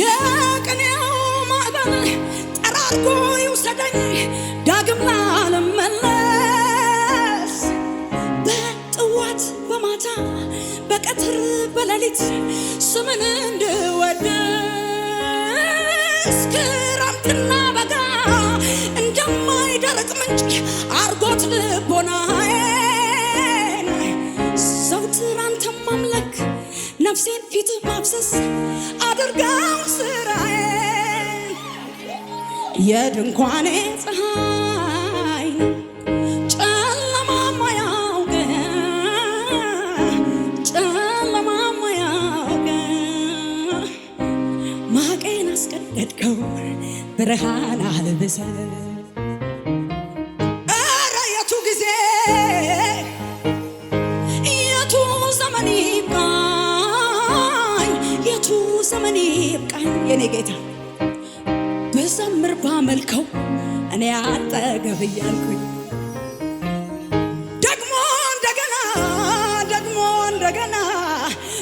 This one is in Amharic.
የቅኔው ማዕበል ጠራርጎ ይውሰደኝ ዳግም ላለመለስ በጥዋት በማታ በቀትር በሌሊት ስምን እንድወድስ ክረምትና በጋ እንደማይደርቅ ምንጭ አርጎት ልቦናዬን ዘውትር አንተን ማምለክ ነፍሴን ፊት ማብሰስ አድርጋ የድንኳኔ ፀሐይ ጨለማማ ያውቅ ጨለማማ ያውቅ ማቄን አስቀደድከው ብርሃን አልብሰ የቱ ዘመን ይብቃኝ የቱ የኔ ጌታ ብዘምር ባመልከው እኔ አጠገብ እያልኩኝ ደግሞ እንደገና ደግሞ እንደገና